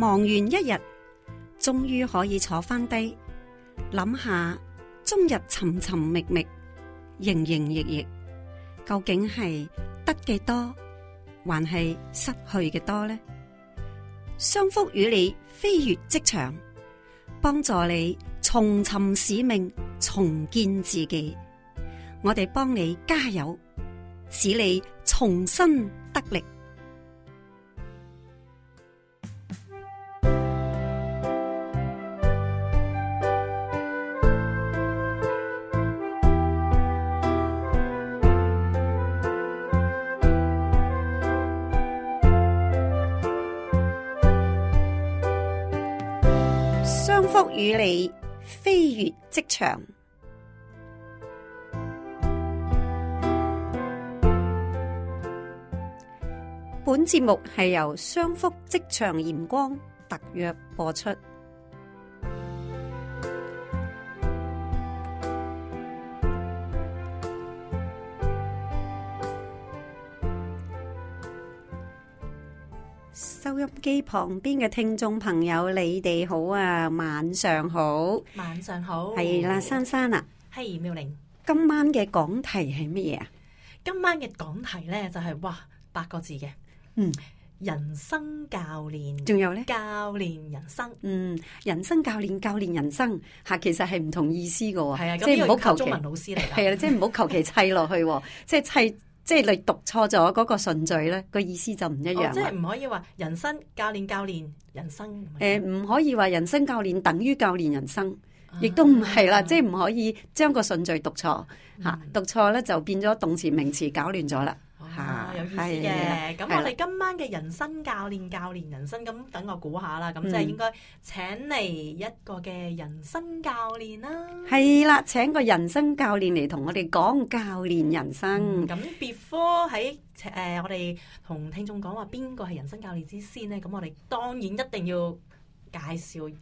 忙完一日，終於可以坐翻低，諗下終日尋尋覓覓，營營役役，究竟係得嘅多，還係失去嘅多呢？商福與你飛越職場，幫助你重尋使命，重建自己。我哋幫你加油，使你重新得力。與你飛越職場。本節目係由商福職場鹽光特約播出。音機旁邊嘅聽眾朋友，你哋好啊！晚上好，晚上好，係啦，珊珊啊，係妙玲。今晚嘅講題係乜嘢啊？今晚嘅講題咧就係哇八個字嘅，嗯，人生教練，仲有咧，教練人生，嗯，人生教練，教練人生，吓，其實係唔同意思噶喎，係啊，即係唔好求中文老師嚟，係啊，即係唔好求其砌落去，即係砌。即係你讀錯咗嗰個順序咧，個意思就唔一樣，哦，即係唔可以話人生教練教練人生，呃、人，人生。誒，唔、啊，可以話人生教練等於教練人生，亦都唔係啦。即係唔可以將個順序讀錯吓，嗯啊，讀錯咧就變咗動詞名詞搞亂咗啦。吓、啊，有意思嘅。咁我哋今晚嘅人生教練的教練人生，咁等我估下啦。咁即係應該請嚟一個嘅人生教練啦、啊。係啦、嗯，請個人生教練嚟同我哋講教練人生。咁 before 喺誒，我哋同聽眾講話邊個係人生教練之先呢？咁我哋當然一定要介紹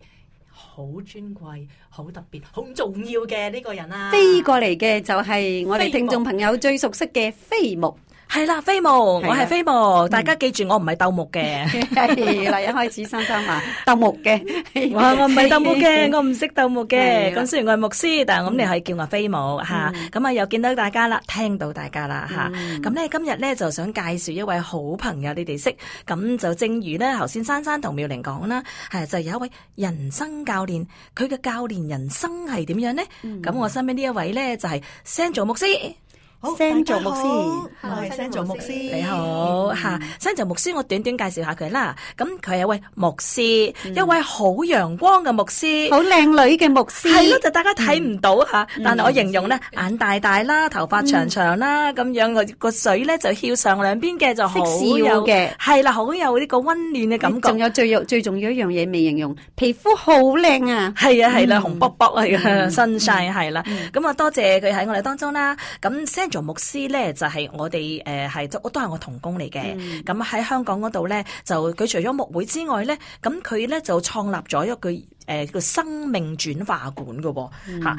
好尊貴、好特別、好重要嘅呢個人啦、啊。飛過嚟嘅就係我哋聽眾朋友最熟悉嘅飛牧。係啦，飛牧，我係飛牧，嗯、大家記住我唔係鬥木嘅。係啦、嗯，一開始珊珊話鬥木嘅，我我唔係鬥木嘅，我唔識鬥木嘅。咁、嗯、雖然我係牧師，但係我咁你可以叫我飛牧吓。咁啊，啊又見到大家啦，聽到大家啦吓。咁、啊、咧、嗯嗯、今日咧就想介紹一位好朋友你，你哋識，咁就正如咧頭先珊珊同妙玲講啦，係就有一位人生教練，佢嘅教練人生係點樣咧？咁、嗯、我身邊呢一位咧就係 Sanjo 牧師。Sanjo 牧師，係 Sanjo 牧師，你好吓。Sanjo 牧師，我短短介紹下佢啦。咁佢係一位牧師，一位好陽光嘅牧師，好靚女嘅牧師。係咯，就大家睇唔到吓，但係我形容咧，眼大大啦，頭髮長長啦，咁樣個個水咧就翹上兩邊嘅，就好有嘅。係啦，好有呢個温暖嘅感覺。仲有最最最重要一樣嘢未形容，皮膚好靚啊！係啊，係啦，紅卜卜啊，晒係啦。咁啊，多謝佢喺我哋當中啦。咁新做牧師咧就係我哋誒係都都係我同工嚟嘅，咁喺、嗯、香港嗰度咧就佢除咗牧會之外咧，咁佢咧就創立咗一句。誒，個生命轉化館嘅吓，咁、嗯啊、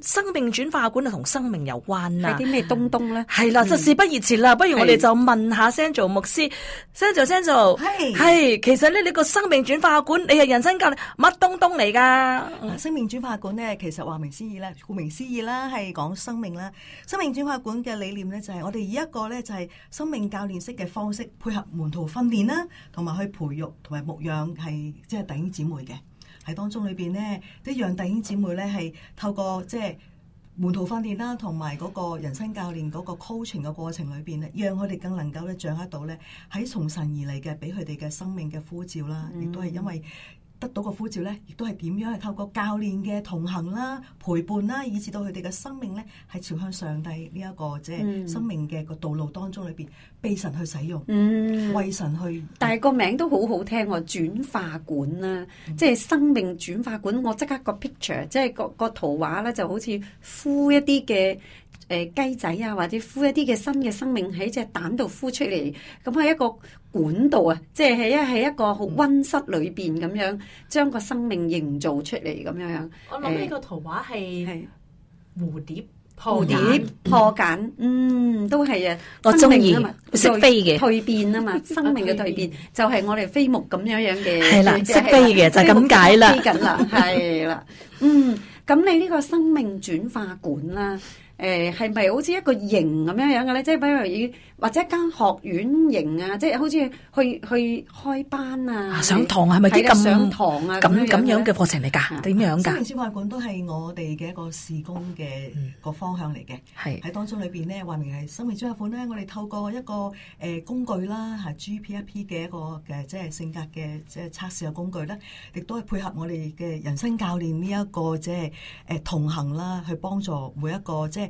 生命轉化館啊，同生命有關啦、啊。係啲咩東東咧？係啦 的，就、嗯、事不宜遲啦，不如我哋就問下 s a Sanjo 牧師，a Sanjo、Sanjo，係係 Sandra, Sandra, 是，其實咧你個生命轉化館，你係人生教練乜東東嚟噶？生命轉化館咧，其實話明思義咧，顧名思義啦，係講生命啦。生命轉化館嘅理念咧，就係、是、我哋以一個咧就係、是、生命教練式嘅方式，配合門徒訓練啦，同埋去培育同埋牧養係即係弟兄姊妹嘅。喺當中裏邊咧，即讓弟兄姊妹咧係透過即係門徒訓練啦、啊，同埋嗰個人生教練嗰個 coaching 嘅過程裏邊咧，讓佢哋更能夠咧掌握到咧喺從神而嚟嘅俾佢哋嘅生命嘅呼召啦，亦都係因為。得到個呼召咧，亦都係點樣？係透過教練嘅同行啦、陪伴啦，以至到佢哋嘅生命咧，係朝向上帝呢、這、一個、嗯、即係生命嘅個道路當中裏邊，被神去使用，嗯、為神去。但係個名都好好聽喎、啊，轉化館啦、啊，嗯、即係生命轉化館。我刻 ure, 即刻個 picture，即係個個圖畫咧，就好似呼一啲嘅。誒，雞仔啊，或者孵一啲嘅新嘅生命喺隻蛋度孵出嚟，咁喺一個管道啊，即係喺一喺一個好溫室裏邊咁樣，將個生命營造出嚟咁樣樣。我諗呢個圖畫係蝴蝶，蝴蝶破繭，嗯，都係啊，我中意啊嘛，識飛嘅蛻變啊嘛，生命嘅蛻變就係我哋飛牧咁樣樣嘅，係啦，識飛嘅就係咁解啦，飛緊啦，係啦，嗯，咁你呢個生命轉化館啦。誒係咪好似一個型咁樣樣嘅咧？即係比如話，或者一間學院型啊，即係好似去去開班啊，上堂係咪幾咁咁咁樣嘅課程嚟㗎？點樣㗎？生命轉化館都係我哋嘅一個事工嘅個方向嚟嘅。係喺當中裏邊咧，話明係生命轉化館咧，我哋透過一個誒工具啦，係 G P R P 嘅一個誒，即係性格嘅即係測試嘅工具咧，亦都係配合我哋嘅人生教練呢一個即係誒同行啦，去幫助每一個即係。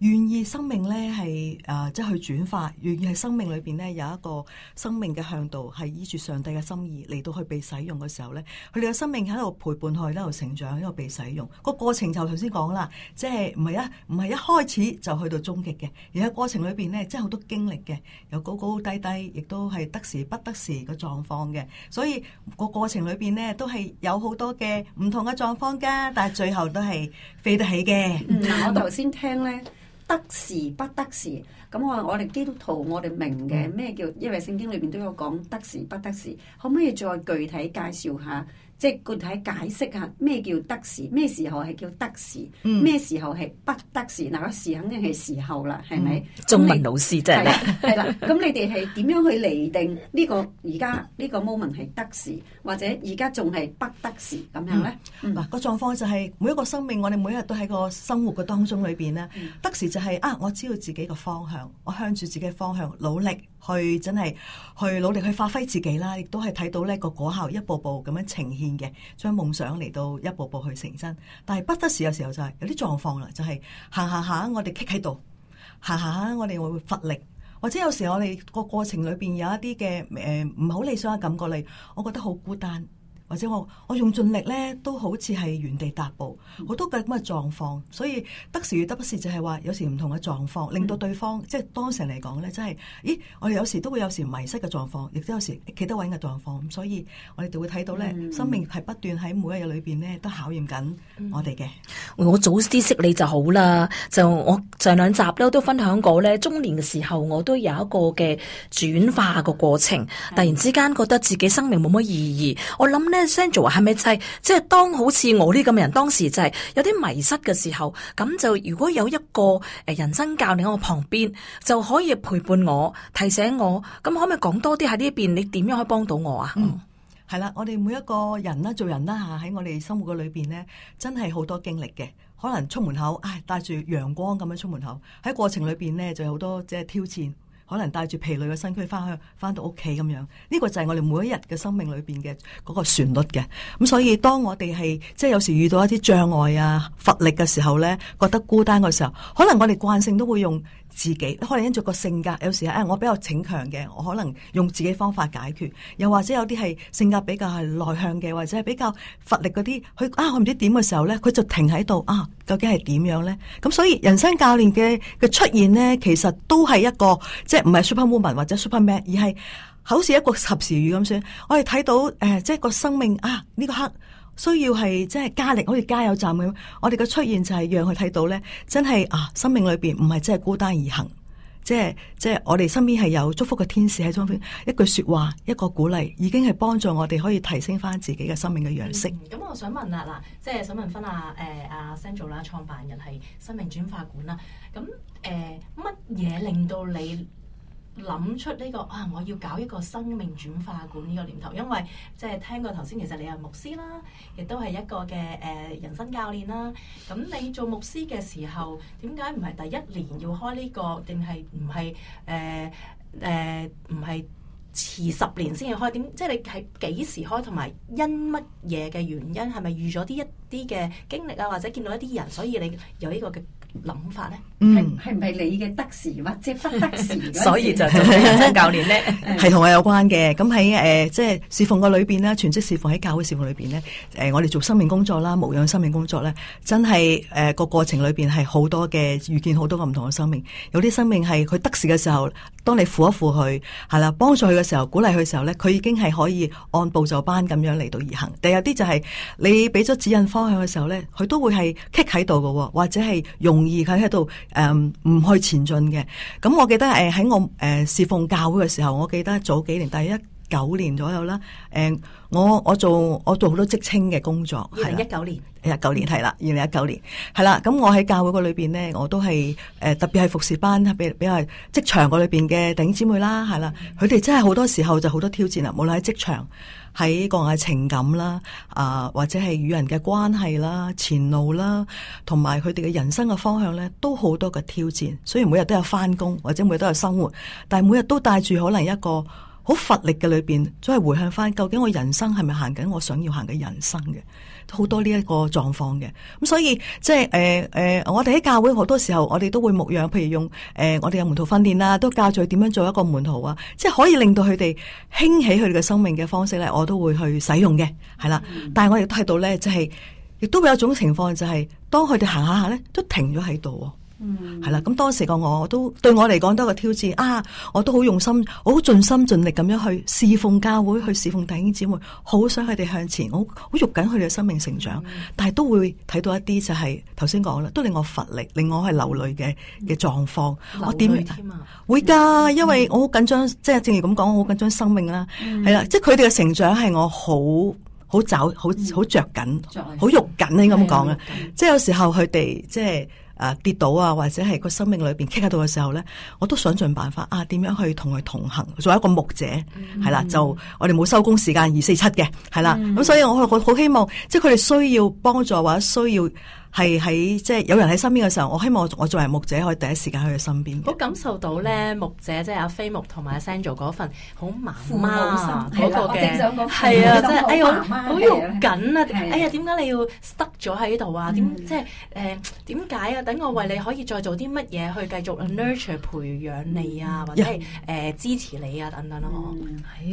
願意生命呢係誒、呃，即係去轉化，願意係生命裏邊呢有一個生命嘅向導，係依住上帝嘅心意嚟到去被使用嘅時候呢，佢哋嘅生命喺度陪伴佢，喺度成長，喺度被使用。那個過程就頭先講啦，即係唔係一唔係一開始就去到終極嘅，而喺過程裏邊呢，即係好多經歷嘅，有高高低低，亦都係得時不得時嘅狀況嘅。所以個過程裏邊呢，都係有好多嘅唔同嘅狀況噶，但係最後都係飛得起嘅。嗱、嗯，我頭先聽呢。得時不得時，咁我我哋基督徒我哋明嘅，咩叫？因為聖經裏邊都有講得時不得時，可唔可以再具體介紹下？即係具體解釋下咩叫得時，咩時候係叫得時，咩、嗯、時候係不得時，那個時肯定係時候啦，係咪？嗯、你中文老師真係係啦。咁 你哋係點樣去厘定呢、呢個而家呢個 moment 係得時，或者而家仲係不得時咁樣咧？嗱、嗯、那個狀況就係每一個生命，我哋每日都喺個生活嘅當中裏邊咧。得、嗯、時就係、是、啊，我知道自己個方向，我向住自己方向努力。去真係去努力去發揮自己啦，亦都係睇到呢個果效一步步咁樣呈現嘅，將夢想嚟到一步步去成真。但係不得時有時候就係有啲狀況啦，就係行行行我哋棘喺度，行行行我哋會乏力，或者有時我哋個過程裏邊有一啲嘅誒唔好理想嘅感覺嚟，我覺得好孤單。或者我我用盡力咧，都好似係原地踏步，好多嘅咁嘅狀況，所以得時與得不時就係話，有時唔同嘅狀況，令到對方、嗯、即係當成嚟講咧，真係，咦，我哋有時都會有時迷失嘅狀況，亦都有時企得穩嘅狀況，咁所以我哋就會睇到咧，嗯、生命係不斷喺每一日裏邊咧，都考驗緊我哋嘅。嗯嗯、我早啲識你就好啦，就我上兩集咧我都分享過咧，中年嘅時候我都有一個嘅轉化個過程，突然之間覺得自己生命冇乜意義，我諗即係 Sanjo 話啊，係咪就係即係當好似我呢咁嘅人，當時就係有啲迷失嘅時候，咁就如果有一個誒人生教練喺我旁邊，就可以陪伴我，提醒我，咁可唔可以講多啲喺呢邊，你點樣可以幫到我啊？嗯，係啦，我哋每一個人啦，做人啦吓，喺我哋生活嘅裏邊咧，真係好多經歷嘅，可能出門口，唉，帶住陽光咁樣出門口，喺過程裏邊咧就有好多即係挑戰。可能帶住疲累嘅身軀翻去翻到屋企咁樣，呢個就係我哋每一日嘅生命裏邊嘅嗰個旋律嘅。咁、嗯、所以當我哋係即係有時遇到一啲障礙啊、乏力嘅時候呢，覺得孤單嘅時候，可能我哋慣性都會用。自己可能因着個性格，有時啊、哎，我比較逞強嘅，我可能用自己方法解決；又或者有啲係性格比較係內向嘅，或者係比較乏力嗰啲，佢啊，我唔知點嘅時候咧，佢就停喺度啊，究竟係點樣咧？咁所以人生教練嘅嘅出現咧，其實都係一個即係唔係 Superwoman 或者 Superman，而係好似一個及時雨咁算。我哋睇到誒、呃，即係一個生命啊，呢、這個刻。需要係即係加力，好似加油站咁。我哋嘅出現就係讓佢睇到咧，真係啊，生命裏邊唔係真係孤單而行，即係即係我哋身邊係有祝福嘅天使喺中間。一句說話，一個鼓勵，已經係幫助我哋可以提升翻自己嘅生命嘅樣式。咁、嗯、我想問，想問，問啊，嗱，即係想問翻阿誒阿 Sanjo 創辦人係生命轉化館啦。咁誒，乜、啊、嘢令到你？諗出呢個啊，我要搞一個生命轉化館呢個念頭，因為即係聽過頭先，其實你係牧師啦，亦都係一個嘅誒人生教練啦。咁你做牧師嘅時候，點解唔係第一年要開呢個，定係唔係誒誒唔係遲十年先要開？點即係你係幾時開，同埋因乜嘢嘅原因，係咪遇咗啲一啲嘅經歷啊，或者見到一啲人，所以你有呢個嘅？諗法咧，嗯，係唔係你嘅得時或者不得時？所以就做人生教練咧，係同我有關嘅。咁喺誒，即係侍奉嘅裏邊咧，全職侍奉喺教會侍奉裏邊咧，誒、呃，我哋做生命工作啦，牧養生命工作咧，真係誒個過程裏邊係好多嘅遇見，好多個唔同嘅生命。有啲生命係佢得時嘅時候，當你扶一扶佢，係啦，幫助佢嘅時候，鼓勵佢嘅時候咧，佢已經係可以按部就班咁樣嚟到而行。第有啲就係、是、你俾咗指引方向嘅時候咧，佢都會係棘喺度嘅，或者係用。而佢喺度誒唔去前進嘅，咁我記得誒，喺、呃、我誒侍、呃、奉教會嘅時候，我記得早幾年，大約一九年左右啦，誒、呃、我我做我做好多職青嘅工作係一九年誒一九年係啦，二零一九年係啦，咁我喺教會個裏邊咧，我都係誒、呃、特別係服侍班，比比較係職場個裏邊嘅頂姊妹啦，係啦，佢哋、嗯、真係好多時候就好多挑戰啊，無論喺職場。喺個人嘅情感啦，啊、呃、或者係與人嘅關係啦、前路啦，同埋佢哋嘅人生嘅方向呢，都好多嘅挑戰。雖然每日都有返工或者每日都有生活，但係每日都帶住可能一個好乏力嘅裏邊，都係回向返究竟我人生係咪行緊我想要行嘅人生嘅？好多呢一個狀況嘅，咁所以即係誒誒，我哋喺教會好多時候，我哋都會牧養，譬如用誒、呃，我哋有門徒訓練啦，都教佢點樣做一個門徒啊，即係可以令到佢哋興起佢哋嘅生命嘅方式咧，我都會去使用嘅，係啦。嗯、但係我、就係、亦都睇到咧，即係亦都會有一種情況、就係，就係當佢哋行下下咧，都停咗喺度。嗯，係啦，咁當時個我都對我嚟講都係個挑戰啊！我都好用心，我好盡心盡力咁樣去侍奉教會，去侍奉弟兄姊妹，好想佢哋向前，我好肉緊佢哋嘅生命成長，但係都會睇到一啲就係頭先講啦，都令我乏力，令我係流淚嘅嘅狀況。我點會噶？因為我好緊張，即係正如咁講，我好緊張生命啦。係啦，即係佢哋嘅成長係我好好找好好着緊，好肉緊應該咁講啊！即係有時候佢哋即係。誒、啊、跌倒啊，或者係個生命裏邊棘下到嘅時候咧，我都想盡辦法啊，點、啊、樣去同佢同行，作為一個牧者係啦、嗯，就我哋冇收工時間二四七嘅係啦，咁、嗯嗯、所以我我好希望即係佢哋需要幫助或者需要。係喺即係有人喺身邊嘅時候，我希望我作為牧者可以第一時間去佢身邊。好感受到咧牧者即係阿飛牧同埋阿 Sanjo 嗰份好父母心嗰個嘅，係啊，即係哎呀好要緊啊！哎呀點解你要 stuck 咗喺度啊？點即係誒點解啊？等我為你可以再做啲乜嘢去繼續 nurture 培養你啊，或者係誒支持你啊等等咯。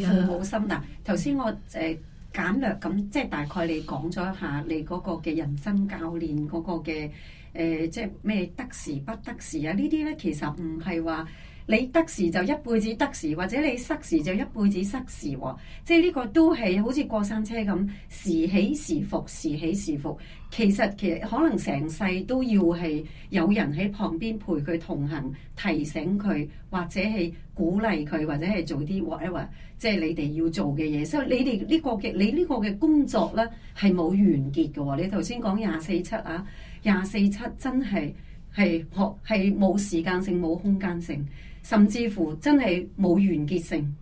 父母心啊！頭先我誒。簡略咁，即係大概你講咗一下你嗰個嘅人生教練嗰個嘅誒、呃，即係咩得時不得時啊？呢啲咧其實唔係話你得時就一輩子得時，或者你失時就一輩子失時喎、哦。即係呢個都係好似過山車咁，時起時伏，時起時伏。其實其實可能成世都要係有人喺旁邊陪佢同行，提醒佢或者係鼓勵佢，或者係做啲 whatever，即係你哋要做嘅嘢。所以你哋呢個嘅你呢個嘅工作咧係冇完結嘅喎。你頭先講廿四七啊，廿四七真係係學係冇時間性、冇空間性，甚至乎真係冇完結性。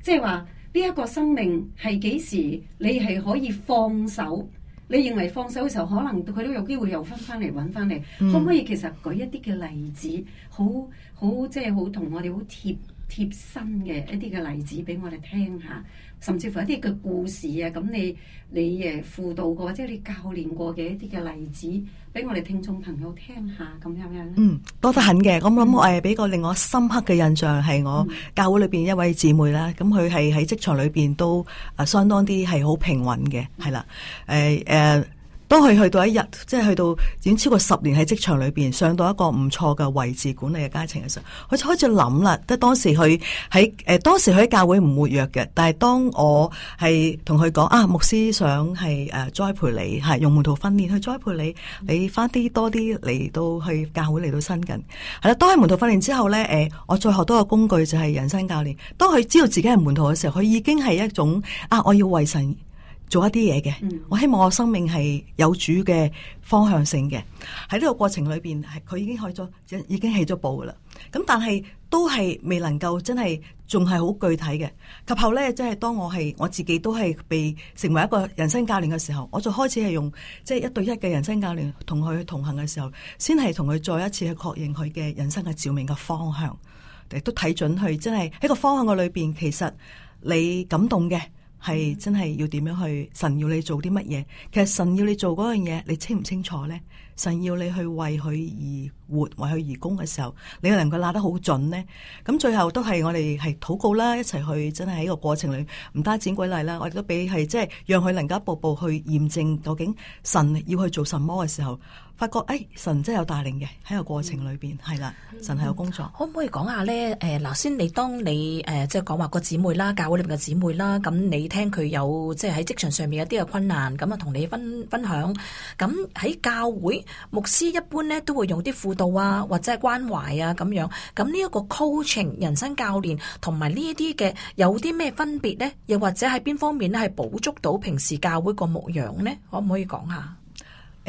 即係話呢一個生命係幾時你係可以放手？你認為放手嘅時候，可能佢都有機會又翻翻嚟揾翻你，嗯、可唔可以其實舉一啲嘅例子，好好即係好同我哋好貼？貼身嘅一啲嘅例子俾我哋聽下，甚至乎一啲嘅故事啊，咁你你誒輔導過或者你教練過嘅一啲嘅例子，俾我哋聽眾朋友聽下，咁樣樣咧？嗯，多得很嘅，咁我諗誒，俾個令我深刻嘅印象係我教會裏邊一位姊妹啦，咁佢係喺職場裏邊都啊相當啲係好平穩嘅，係啦、嗯，誒誒。哎 uh, 當佢去到一日，即、就、係、是、去到已經超過十年喺職場裏邊上到一個唔錯嘅位置，管理嘅階層嘅時候，佢就開始諗啦。即係當時佢喺誒當時佢喺教會唔活躍嘅，但係當我係同佢講啊，牧師想係誒、啊、栽培你，係用門徒訓練去栽培你，嗯、你翻啲多啲嚟到去教會嚟到新緊係啦。當喺門徒訓練之後咧，誒、啊、我再學多個工具就係人生教練。當佢知道自己係門徒嘅時候，佢已經係一種啊，我要為神。做一啲嘢嘅，嗯、我希望我生命係有主嘅方向性嘅。喺呢個過程裏邊，係佢已經去咗，已經起咗步噶啦。咁但係都係未能夠真係，仲係好具體嘅。及後咧，即係當我係我自己都係被成為一個人生教練嘅時候，我就開始係用即係一對一嘅人生教練同佢同行嘅時候，先係同佢再一次去確認佢嘅人生嘅照明嘅方向，亦都睇準佢真係喺個方向嘅裏邊，其實你感動嘅。係真係要點樣去？神要你做啲乜嘢？其實神要你做嗰樣嘢，你清唔清楚咧？神要你去為佢而活，為佢而工嘅時候，你又能夠拉得好準咧？咁最後都係我哋係禱告啦，一齊去真係喺個過程裏，唔單止舉例啦，我哋都俾係即係讓佢能夠步步去驗證，究竟神要去做什麼嘅時候。發覺誒、哎，神真係有帶領嘅喺個過程裏邊，係啦、嗯，神係有工作。嗯、可唔可以講下咧？誒，嗱，先你當你誒，即係講話個姊妹啦，教會裏面嘅姊妹啦，咁你聽佢有即係喺職場上面有一啲嘅困難，咁啊同你分分享。咁喺教會牧師一般咧都會用啲輔導啊，或者係關懷啊咁樣。咁呢一個 coaching、人生教練同埋呢一啲嘅有啲咩分別咧？又或者喺邊方面咧係補足到平時教會個牧養咧？可唔可以講下？誒，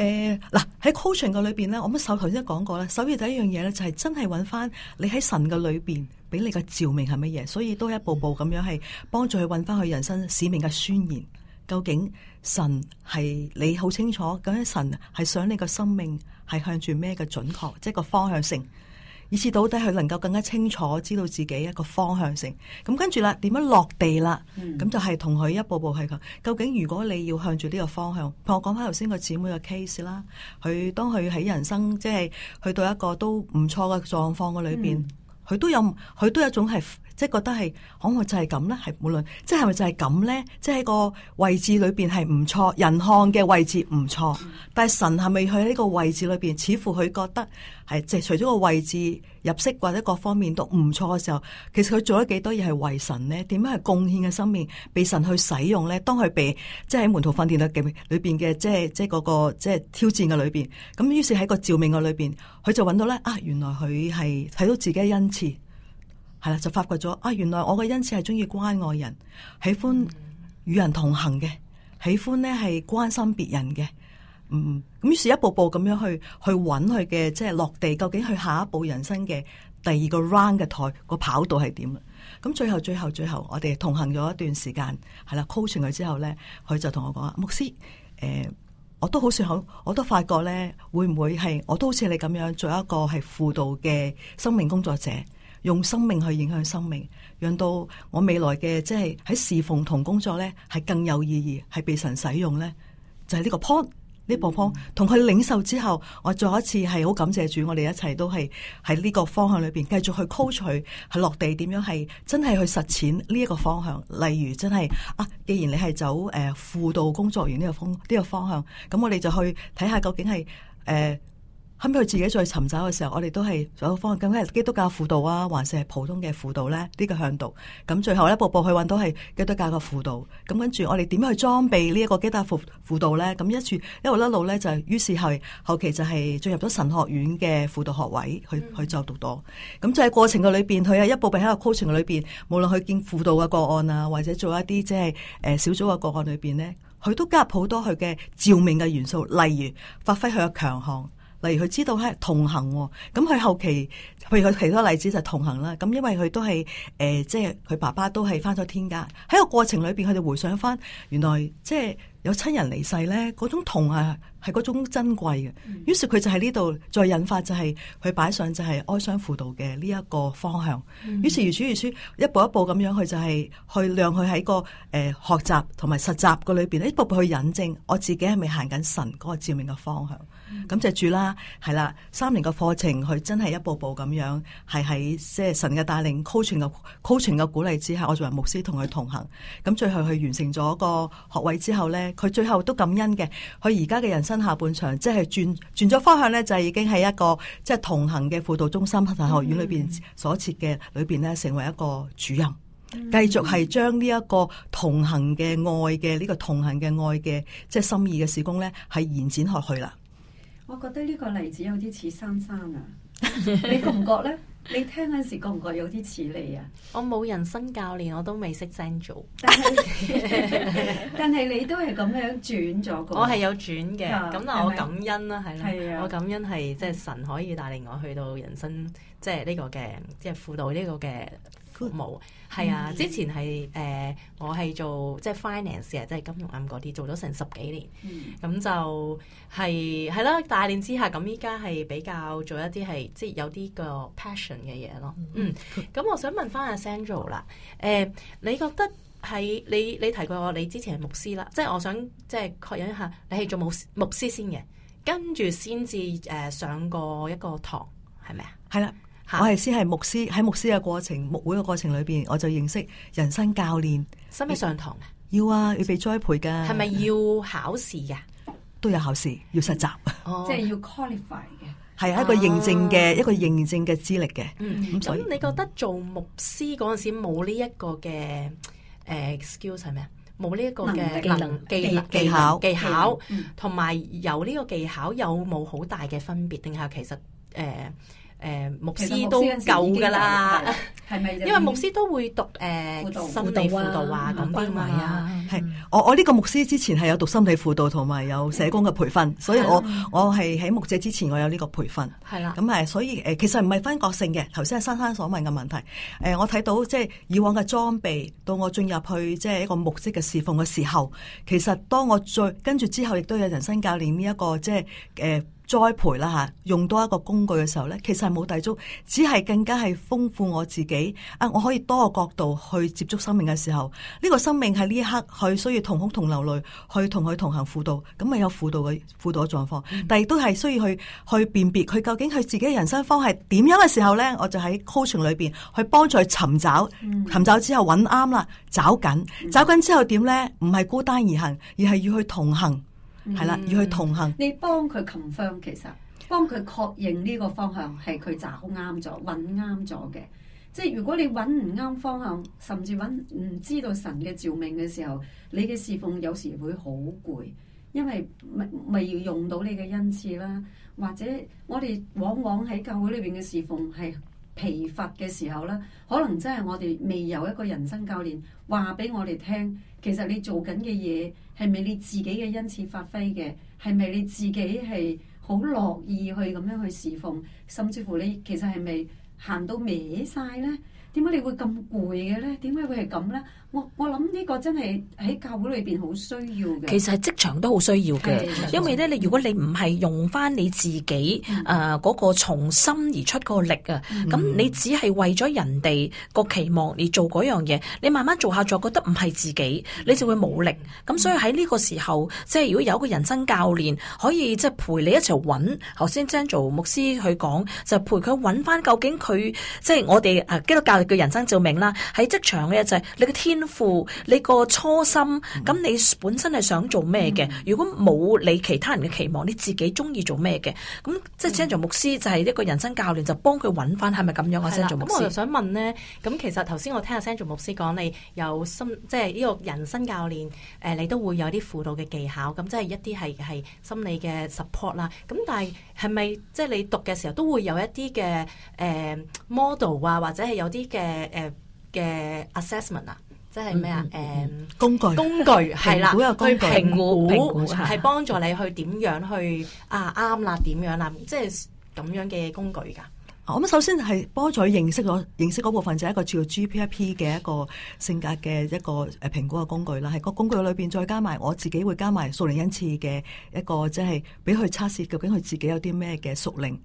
嗱，uh, 喺 coaching 嘅裏邊咧，我乜首頭先講過咧，首要第一樣嘢咧就係真係揾翻你喺神嘅裏邊俾你嘅照明係乜嘢，所以都一步步咁樣係幫助佢揾翻佢人生使命嘅宣言。究竟神係你好清楚，究竟神係想你個生命係向住咩嘅準確，即係個方向性。以至到底佢能夠更加清楚知道自己一個方向性，咁跟住啦，點樣落地啦？咁、嗯、就係同佢一步步去。究竟如果你要向住呢個方向，我講返頭先個姊妹嘅 case 啦，佢當佢喺人生即係去到一個都唔錯嘅狀況嘅裏邊，佢、嗯、都有佢都有一種係。即係覺得係，可唔可就係咁咧？係無論，即係咪就係咁咧？即係個位置裏邊係唔錯，人看嘅位置唔錯，嗯、但係神係咪去喺呢個位置裏邊？似乎佢覺得係即係除咗個位置入息或者各方面都唔錯嘅時候，其實佢做咗幾多嘢係為神咧？點樣係貢獻嘅生命俾神去使用咧？當佢被即係喺門徒訓練嘅裏邊嘅即係、嗰個、即係嗰、嗰個即係挑戰嘅裏邊，咁於是喺個召命嘅裏邊，佢就揾到咧啊！原來佢係睇到自己嘅恩賜。係啦，就發掘咗啊！原來我嘅恩賜係中意關愛人，喜歡與人同行嘅，喜歡咧係關心別人嘅。嗯，咁於是一步步咁樣去去揾佢嘅即係落地，究竟去下一步人生嘅第二個 round 嘅台個跑道係點？咁最後最後最後，我哋同行咗一段時間，係啦，coaching 佢之後咧，佢就同我講啊，牧師，誒、呃，我都好似好，我都發覺咧，會唔會係我都好似你咁樣做一個係輔導嘅生命工作者？用生命去影響生命，讓到我未來嘅即係喺侍奉同工作呢，係更有意義，係被神使用呢，就係、是、呢個 point 呢個 point。同佢領受之後，我再一次係好感謝主，我哋一齊都係喺呢個方向裏邊繼續去 coach 佢，係落地點樣係真係去實踐呢一個方向。例如真係啊，既然你係走誒、呃、輔導工作員呢個方呢、呢個方向，咁我哋就去睇下究竟係誒。呃咁佢自己再尋找嘅時候，我哋都係所有方向，究竟係基督教輔導啊，還是係普通嘅輔導咧？呢、這個向導，咁最後一步一步去揾到係基督教嘅輔導。咁跟住我哋點去裝備呢一個基督教輔輔導咧？咁一串一路一路咧，就於是係後期就係進入咗神學院嘅輔導學位去去就讀到。咁、嗯、就係過程嘅裏邊，佢有一步一步喺個 coaching 嘅裏邊，無論佢見輔導嘅個案啊，或者做一啲即係誒小組嘅個案裏邊咧，佢都加入好多佢嘅召命嘅元素，例如發揮佢嘅強項。例如佢知道係同行，咁佢後期。譬如佢其他例子就同行啦，咁因為佢都係誒、呃、即係佢爸爸都係翻咗天家，喺個過程裏邊，佢哋回想翻，原來即係有親人離世咧，種痛啊，係種珍貴嘅。於是佢就喺呢度再引發就係佢擺上就係哀傷輔導嘅呢一個方向。於是如此如此一步一步咁樣佢就係去量佢喺個誒、呃、學習同埋實習個裏邊，一步步去引證我自己係咪行緊神個照明嘅方向。咁、嗯、就住啦，係啦，三年嘅課程，佢真係一步步咁樣。樣係喺即係神嘅帶領、Coaching 嘅 Coaching 嘅鼓勵之下，我作為牧師同佢同行。咁最後佢完成咗個學位之後咧，佢最後都感恩嘅。佢而家嘅人生下半場，即係轉轉咗方向咧，就已經喺一個即係、就是、同行嘅輔導中心大學院裏邊所設嘅裏邊咧，成為一個主任，繼、mm hmm. 續係將呢一個同行嘅愛嘅呢、這個同行嘅愛嘅即係心意嘅事工咧，係延展落去啦。我覺得呢個例子有啲似珊珊啊。 你覺唔覺咧？你聽嗰時覺唔覺有啲似你啊？我冇人生教練，我都未識聲做，但係但係你都係咁樣轉咗、個。 我係有轉嘅，咁啊我感恩啦，係啦，係啊、我感恩係即係神可以帶領我去到人生，即係呢個嘅，即係輔導呢個嘅。冇，務係啊，之前係誒、呃、我係做即係 finance 啊，即係金融啱嗰啲做咗成十幾年，咁、嗯、就係係啦。大年之下，咁依家係比較做一啲係即係有啲個 passion 嘅嘢咯。嗯，咁我想問翻阿 Sanjo 啦，誒、呃、你覺得係你，你提過你之前係牧師啦，即係我想即係確認一下，你係做牧牧師先嘅，跟住先至誒上過一個堂係咪啊？係啦。我係先係牧師，喺牧師嘅過程，牧會嘅過程裏邊，我就認識人生教練。使咩上堂要啊，要被栽培噶。係咪要考試噶？都有考試，要實習。即係要 qualify 嘅。係一個認證嘅，一個認證嘅資歷嘅。咁所以你覺得做牧師嗰陣時冇呢一個嘅誒 excuse 係咩啊？冇呢一個嘅技能技巧、技巧，同埋有呢個技巧有冇好大嘅分別？定係其實誒？誒、呃、牧師，牧師都夠噶啦，係咪？ 是是因為牧師都會讀誒、呃、導心理輔導啊、咁啲、啊、樣嘛係、嗯。我我呢個牧師之前係有讀心理輔導同埋有，有社工嘅培訓，所以我 我係喺牧者之前我有呢個培訓，係啦 的。咁係所以誒、呃，其實唔係分國性嘅。頭先係珊珊所問嘅問題，誒、呃、我睇到即係以往嘅裝備，到我進入去即係一個牧職嘅侍奉嘅時候，其實當我再跟住之後，亦都有人生教練呢一個、這個、即係誒。呃栽培啦吓，用多一個工具嘅時候咧，其實係冇遞足，只係更加係豐富我自己。啊，我可以多個角度去接觸生命嘅時候，呢、這個生命喺呢一刻佢需要同哭同流淚，去同佢同行輔導，咁咪有輔導嘅輔導嘅狀況。但係都係需要去去辨別佢究竟佢自己人生方式點樣嘅時候呢，我就喺 coaching 裏邊去幫助尋找，尋找之後揾啱啦，找緊，找緊之後點呢？唔係孤單而行，而係要去同行。係啦，嗯、要去同行。你幫佢 confirm，其實幫佢確認呢個方向係佢揾啱咗、揾啱咗嘅。即係如果你揾唔啱方向，甚至揾唔知道神嘅召命嘅時候，你嘅侍奉，有時會好攰，因為咪要用到你嘅恩賜啦。或者我哋往往喺教會裏邊嘅侍奉係疲乏嘅時候咧，可能真係我哋未有一個人生教練話俾我哋聽。其實你做緊嘅嘢係咪你自己嘅恩賜發揮嘅？係咪你自己係好樂意去咁樣去侍奉？甚至乎你其實係咪行到歪晒咧？點解你會咁攰嘅咧？點解會係咁咧？我我諗呢個真係喺教會裏邊好需要嘅。其實係職場都好需要嘅，的因為咧你、嗯、如果你唔係用翻你自己誒嗰、嗯呃嗰個從心而出個力啊，咁、嗯、你只係為咗人哋個期望你做嗰樣嘢，你慢慢做下就覺得唔係自己，你就會冇力。咁所以喺呢個時候，嗯、即係如果有一個人生教練可以即係陪你一齊揾，頭先 Sanjo 牧師去講就陪佢揾翻究竟佢即係我哋誒基督教嘅人生召命啦，喺職場嘅就係、是、你個天。 你個初心，咁你本身係想做咩嘅？如果冇你其他人嘅期望，你自己中意做咩嘅？咁即係 Sanjo 牧師就係一個人生教練，就幫佢揾翻係咪咁樣啊？Sanjo 牧師，咁我就想問咧，咁其實頭先我聽阿 Sanjo 牧師講，你有心即係呢個人生教練，誒，你都會有啲輔導嘅技巧，咁即係一啲係係心理嘅 support 啦。咁但係係咪即係你讀嘅時候都會有一啲嘅誒 model 啊，或者係有啲嘅誒嘅 assessment 啊？即係咩啊？誒、um，工具工具係啦， 評估工具去評估係估幫助你去點樣去啊啱啦，點樣啦，即係咁樣嘅工具噶、嗯。我諗首先係幫助你認識咗認識嗰部分，就係一個叫 G P P 嘅一個性格嘅一個誒評估嘅工具啦。喺 個工具裏邊再加埋我自己會加埋數年一次嘅一個即係俾佢測試，究竟佢自己有啲咩嘅屬靈。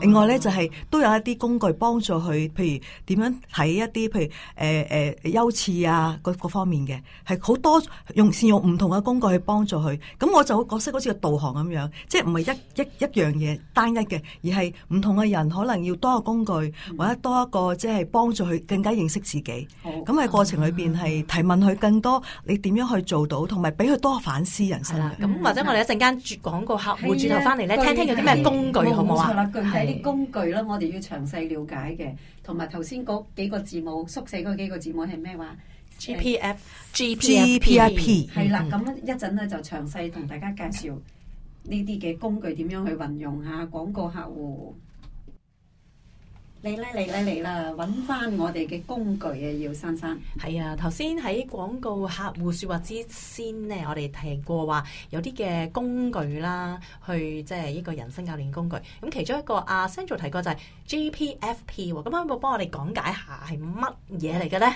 另外咧 就係都有一啲工具幫助佢，譬如點樣睇一啲譬如誒誒優次啊嗰各方面嘅，係好多用善用唔同嘅工具去幫助佢。咁我就覺得好似個導航咁樣，即係唔係一一一樣嘢單一嘅，而係唔同嘅人可能要多個工具，或者多一個即係幫助佢更加認識自己。咁喺好過程裏邊係提問佢更多，你點樣去做到，同埋俾佢多反思人生。咁或者我哋一陣間轉講個客戶轉頭翻嚟咧，呢啊、聽聽有啲咩工具是好唔好啊？係啲工具咯，我哋要詳細了解嘅，同埋頭先嗰幾個字母縮寫嗰幾個字母係咩話？G P FP , F G P I P 係啦，咁、嗯嗯、一陣咧就詳細同大家介紹呢啲嘅工具點樣去運用下、啊，廣告客戶。.嚟啦嚟啦嚟啦！揾翻我哋嘅工具珊珊啊，要珊珊。係啊，頭先喺廣告客戶說話之前咧，我哋提過話有啲嘅工具啦，去即係一個人生教練工具。咁其中一個阿 Sanjo 提過就係 G P F P，咁可冇可幫我哋講解下係乜嘢嚟嘅咧？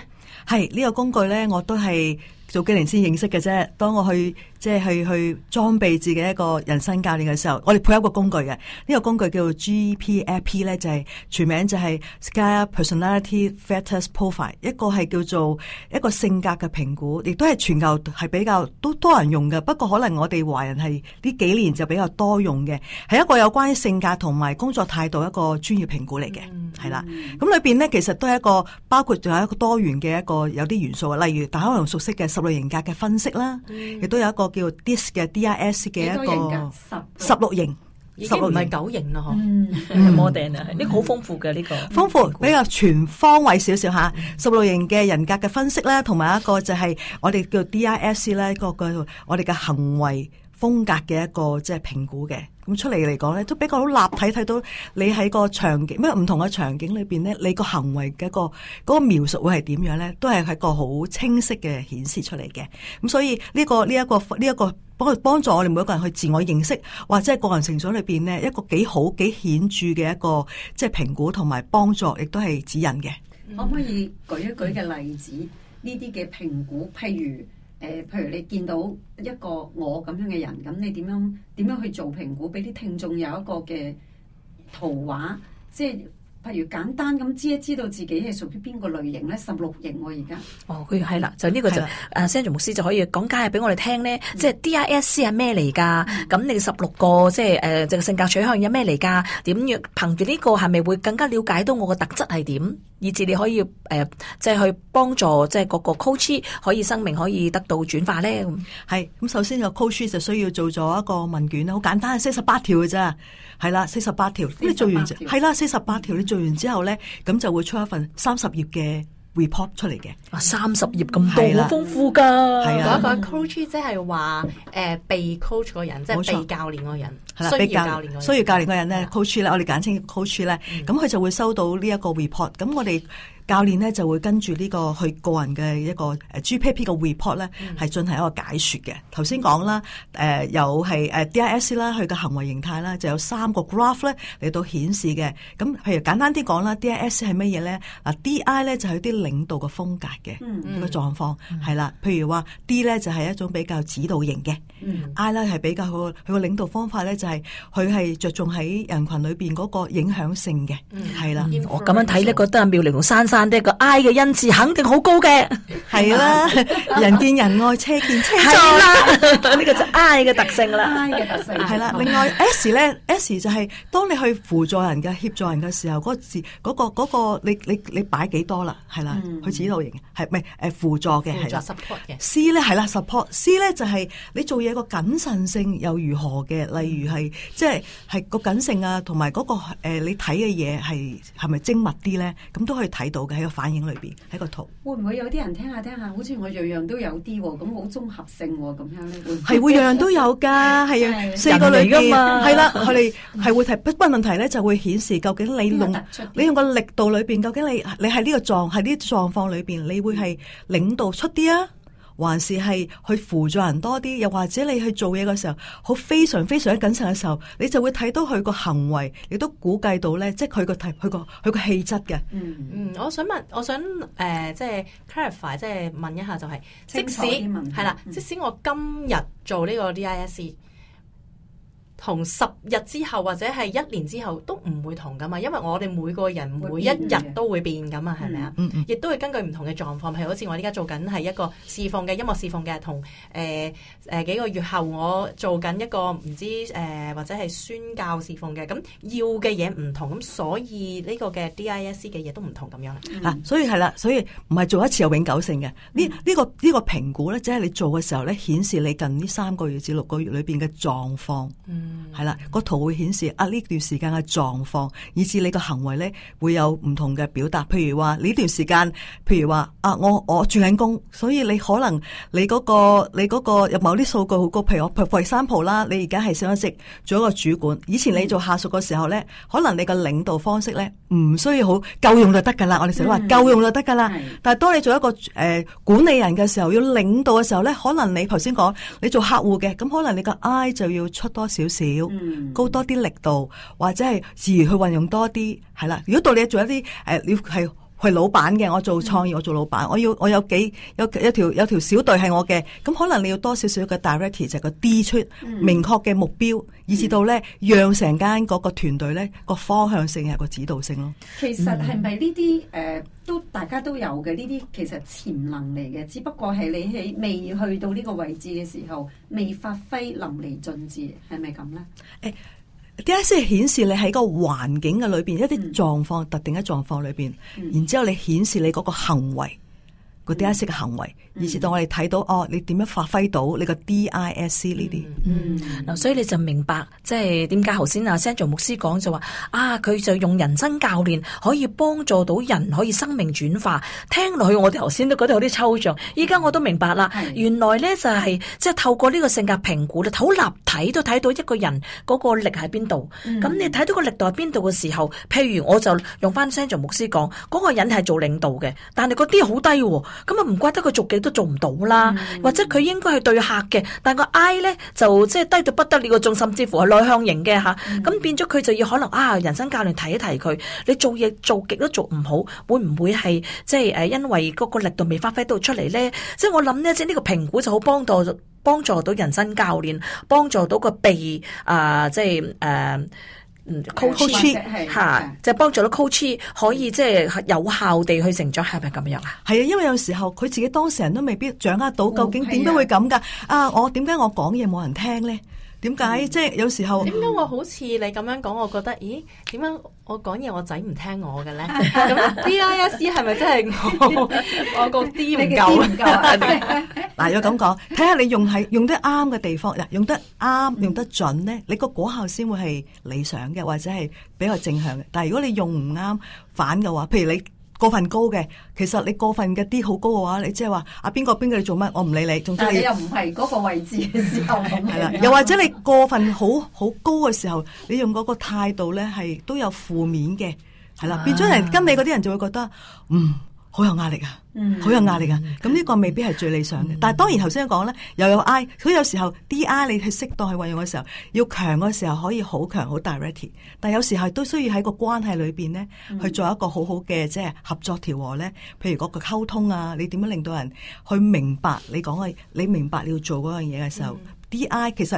係呢、這個工具咧，我都係早幾年先認識嘅啫。當我去。即係去去裝備自己一個人生教練嘅時候，我哋配一個工具嘅，呢、呢個工具叫做 GPAP 咧，就係、是、全名就係 Sky Personality Factors Profile，一個係叫做一個性格嘅評估，亦都係全球係比較都多人用嘅。不過可能我哋華人係呢幾年就比較多用嘅，係一個有關於性格同埋工作態度一個專業評估嚟嘅，係啦。咁裏邊咧其實都係一個包括仲有一個多元嘅一個有啲元素，啊，例如大家可能熟悉嘅十類型格嘅分析啦，亦、嗯、都有一個。叫 DIS 嘅 D I S 嘅一個十十六型，十六唔係九型咯嗬。model 啊，呢個好豐富嘅呢、這個，豐富、嗯、比較全方位少少吓。十六型嘅人格嘅分析啦，同埋一個就係我哋叫 D I S 咧，個個我哋嘅行為風格嘅一個即係評估嘅，咁出嚟嚟講咧，都比較好立體睇到你喺個場景咩唔同嘅場景裏邊咧，你個行為嘅一個嗰、那個描述會係點樣咧，都係一個好清晰嘅顯示出嚟嘅。咁所以呢、呢個呢一、呢個呢一、呢個幫幫助我哋每一個人去自我認識，或者係個人情緒裏邊咧一個幾好幾顯著嘅一個即係評估同埋幫助，亦都係指引嘅。可唔、嗯、可以舉一舉嘅例子？呢啲嘅評估，譬如。誒、呃，譬如你見到一個我咁樣嘅人，咁你點樣點樣去做評估，俾啲聽眾有一個嘅圖畫，即係譬如簡單咁知一知道自己係屬於邊個類型咧？十六型喎、啊，而家哦，佢係啦，就呢個就 s a 啊的，Sanjo、uh, 牧師就可以講解俾我哋聽咧，即係 D I S C 係咩嚟㗎？咁你十六個即係誒，個、uh, 性格取向有咩嚟㗎？點樣憑住呢個係咪會更加了解到我個特質係點？以至你可以誒、呃，即係去幫助，即係個個 coach 可以生命可以得到轉化咧。咁係，咁首先個 coach 就需要做咗一個問卷啦，好簡單，四十八條嘅啫，係啦，四十八條。咁你做完，係啦，四十八條，嗯、你做完之後咧，咁就會出一份三十頁嘅。report 出嚟嘅啊，三十頁咁多，好的豐富噶。有的的一個 coach 即係話誒被 coach 個人，即係錯被教練個人，的需要教練個人咧的，coach 咧，我哋簡稱 coach 咧，咁佢、嗯、就會收到呢一個 report。咁我哋。教練咧就會跟住呢、這個佢個人嘅一個誒 GPP 嘅 report 咧、嗯，係進行一個解說嘅。頭先講啦，誒、呃、又係誒 DIS 啦，佢嘅行為形態啦，就有三個 graph 咧嚟到顯示嘅。咁譬如簡單啲講啦 DIS 係乜嘢咧？嗱，DI 咧就係啲領導嘅風格嘅個狀況係啦。譬如話 D 咧就係一種比較指導型嘅、嗯，I 咧係比較好，佢個領導方法咧就係佢係着重喺人群裏邊個影響性嘅係啦。我咁樣睇咧覺得阿妙玲同珊珊。但係呢個 I 嘅恩賜肯定好高嘅，係啦，人見人愛，車見車撞，呢個就 I 嘅特性啦。I 嘅特性，係啦，另外 S 咧，S 就係當你去輔助人嘅協助人嘅時候，嗰個字、嗰個嗰個你你你擺幾多、嗯、啦？係啦，佢指導型係唔係誒輔助嘅，係啦 support 嘅。C 咧係啦，support。C 咧就係你做嘢個謹慎性又如何嘅？例如係即係係個謹慎啊，同埋、嗰個誒你睇嘅嘢係係咪精密啲咧？咁都可以睇到。喺個反應裏邊，喺個圖會唔會有啲人聽下聽下，好似我樣樣都有啲喎、哦，咁好綜合性喎、哦，咁樣咧，係會樣樣都有噶，係啊，四個裏邊，係 啦，佢哋係會提不不問題咧，就會顯示究竟你用你用個力度裏邊，究竟你你喺呢個狀喺呢個狀況裏邊，你會係領導出啲啊？還是係去輔助人多啲，又或者你去做嘢嘅時候，好非常非常緊慎嘅時候，你就會睇到佢個行為，亦都估計到咧，即係佢個提、佢個佢個氣質嘅。嗯嗯，我想問，我想誒、呃，即係 clarify，即係問、就是、問一下，就係即使係啦，即使我今日做呢個 DISC。同十日之後或者係一年之後都唔會同噶嘛，因為我哋每個人每一日都會變噶嘛，係咪啊？亦、嗯嗯嗯、都會根據唔同嘅狀況，譬如好似我依家做緊係一個侍奉嘅音樂侍奉嘅，同誒誒幾個月後我做緊一個唔知誒、呃、或者係宣教侍奉嘅，咁、嗯、要嘅嘢唔同，咁所以呢個嘅 D I S 嘅嘢都唔同咁樣啦。所以係啦、嗯啊，所以唔係做一次有永久性嘅呢？呢、嗯呢個呢、呢個評估呢，即係你做嘅時候呢，顯示你近呢三個月至六個月裏邊嘅狀況。嗯係啦，個圖會顯示啊呢段時間嘅狀況，以至你個行為咧會有唔同嘅表達。譬如話呢段時間，譬如話啊，我我轉緊工，所以你可能你、嗰個你個有某啲數據好高，譬如我肥肥三鋪啦。Ple, 你而家係升咗職，做一個主管。以前你做下屬嘅時候咧，嗯、可能你個領導方式咧唔需要好夠用就得噶啦。我哋成日話夠用就得噶啦。嗯、但係當你做一個誒、呃、管理人嘅時候，要領導嘅時候咧，可能你頭先講你做客戶嘅，咁可能你個 I 就要出多少少。少高多啲力度，或者係自然去運用多啲，係啦。如果到你做一啲誒，你要、呃、係。係老闆嘅，我做創業，我做老闆，我要我有幾有幾有條有條小隊係我嘅，咁可能你要多少少嘅 direct ed, 就個 d 出明確嘅目標，以至到呢，讓成間嗰個團隊呢、嗰個方向性係、嗰個指導性咯。其實係咪呢啲誒都大家都有嘅呢啲，其實潛能嚟嘅，只不過係你喺未去到呢個位置嘅時候，未發揮淋漓盡致，係咪咁呢？誒、欸。點解先顯示你喺個環境嘅裏邊，一啲狀況，特定嘅狀況裏邊，然之後你顯示你嗰個行為？DISC 嘅行為，以至到我哋睇到、嗯、哦，你點樣發揮到你個 DISC 呢啲？嗯，嗱、嗯，嗯、所以你就明白，即係點解頭先阿 s a 啊，Sanjo 牧師講就話啊，佢就用人生教練可以幫助到人，可以生命轉化。聽落去我哋頭先都覺得有啲抽象，依家我都明白啦。嗯、原來咧就係即係透過呢個性格評估咧，好立體都睇到一個人嗰個力喺邊度。咁、嗯嗯、你睇到個力度喺邊度嘅時候，譬如我就用翻 Sanjo 牧師講嗰個人係做領導嘅，但係嗰啲好低。咁啊，唔怪得佢做極都做唔到啦，mm hmm. 或者佢應該係對客嘅，但個 I 呢，就即係低到不得了，個重心甚至乎係內向型嘅嚇，咁、mm hmm. 啊、變咗佢就要可能啊，人生教練提一提佢，你做嘢做極都做唔好，會唔會係即係誒？就是、因為個個力度未發揮到出嚟呢？即、就、係、是、我諗呢，即係呢個評估就好幫助幫助到人生教練，幫助到個鼻，啊、呃，即係誒。呃嗯 yeah，coach 係，就幫助到 coach 可以即係有效地去成長，係咪咁樣啊？係啊，啊因為有時候佢自己當事人都未必掌握到究竟點解會咁噶啊？啊，我點解我講嘢冇人聽咧？點解？即係、就是、有時候點解我好似你咁樣講，我覺得，咦？點解我講嘢我仔唔聽我嘅咧？咁 D I S 係咪 真係 我個 D 唔夠啊？嗱，又咁講，睇下你用係用得啱嘅地方，嗱，用得啱、用得準咧，嗯、你個果效先會係理想嘅，或者係比較正向嘅。但係如果你用唔啱反嘅話，譬如你。過分高嘅，其實你過分嘅啲好高嘅話，你即係話阿邊個邊個你做乜，我唔理你。你但你又唔係嗰個位置嘅時候，係啦。 又或者你過分好好高嘅時候，你用嗰個態度咧係都有負面嘅，係啦，變咗人跟你嗰啲人就會覺得，啊、嗯。好有壓力啊！嗯、好有壓力啊！咁呢、嗯、個未必係最理想嘅，嗯、但係當然頭先講呢又有 I，佢有時候 D I 你去適當去運用嘅時候，要強嘅時候可以好強好 direct，但有時候都需要喺個關係裏邊呢去做一個好好嘅即係合作調和呢，譬如嗰個溝通啊，你點樣令到人去明白你講嘅，你明白你要做嗰樣嘢嘅時候、嗯、D I 其實